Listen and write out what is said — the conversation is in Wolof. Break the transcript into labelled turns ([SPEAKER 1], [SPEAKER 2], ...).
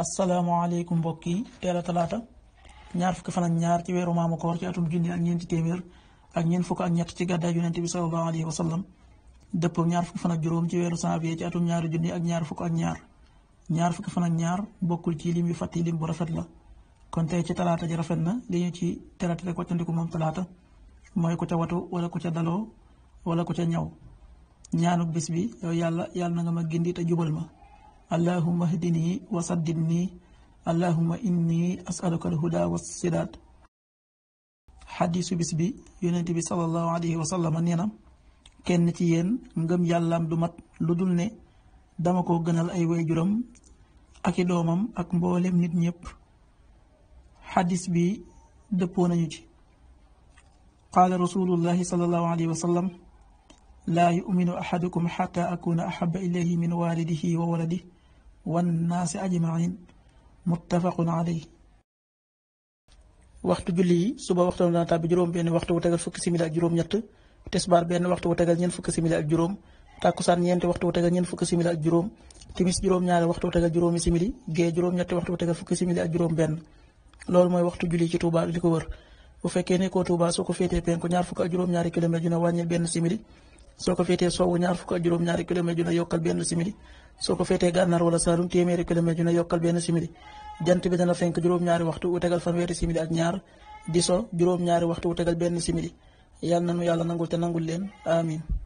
[SPEAKER 1] asalaamaaleykum mbokk yi teel talaata ñaar fukki fana ñaar ci weeru maamu koor ci atum junni ak ñeenti téeméer ak ñeent fukk ak ñett ci gàddaay yonent bi sallallahu alayhi wa sallam dëppoo ñaar fukki fan ak juróom ci weeru janvier ci atum ñaari junni ak ñaar fukk ak ñaar ñaar fukki fana ñaar bokkul ci lim yu fàtti lim bu rafet la kon tey ci talaata ji rafet na li ñu ci terate rek wàccandiku moom talaata mooy ku ca watu wala ku ca daloo wala ko ca ñaw ñaanu bis bi yàlla yàlla na nga ma gindi te jubal allahuma hdini wa saddidni allahuma inni asaluka alhuda wa sidaat xadiisu bis bi yonent bi sallallahu alayhi wa ci yéen ngëm yàllaam du mat lu dul ne dama ko gënal ay waajuram ak i doomam ak mboolem nit ñëpp xadis bi dëppoo nañu ci qaala rasulullahi sallallahu alayhi wa sallam laa yuminu ahadukum xata akuna axaba min waalidihi wa waladihi wannaasi ajmain muttafaqun alayhi waxtu julli yi suba waxtu dana tàbbi juróom benn waxtu wu tegal fukki simili ak ñett tisbaar benn waxtu wu tegal ñeent fukki simili ak juróom tàkkusaan ñeenti waxtu wu tegal ñeent fukki simili ak juróom timis juróom-ñaari waxtu wu tegal juróomi simili gee juróom-ñetti waxtu wu tegal fukki simili ak juróom benn loolu mooy waxtu julli ci Touba li ko wër bu fekkee ne ko Touba soo ko féetee penku ñaar fukk ak ñaari kilomètre dina wàññil benn simili soo ko féetee sowwu ñaar fukk ak juróom-ñaari kilomètre ju ne yokkal benn simili soo ko féetee gànnaar wala saalum téeméeri kilomètre ju ne yokkal benn simili jant bi dana fenk juróom-ñaari waxtu wu tegal fanweeri simili ak ñaar di juróom-ñaari waxtu wu tegal benn simili yàlla na nu yàlla nangul te nangul leen amin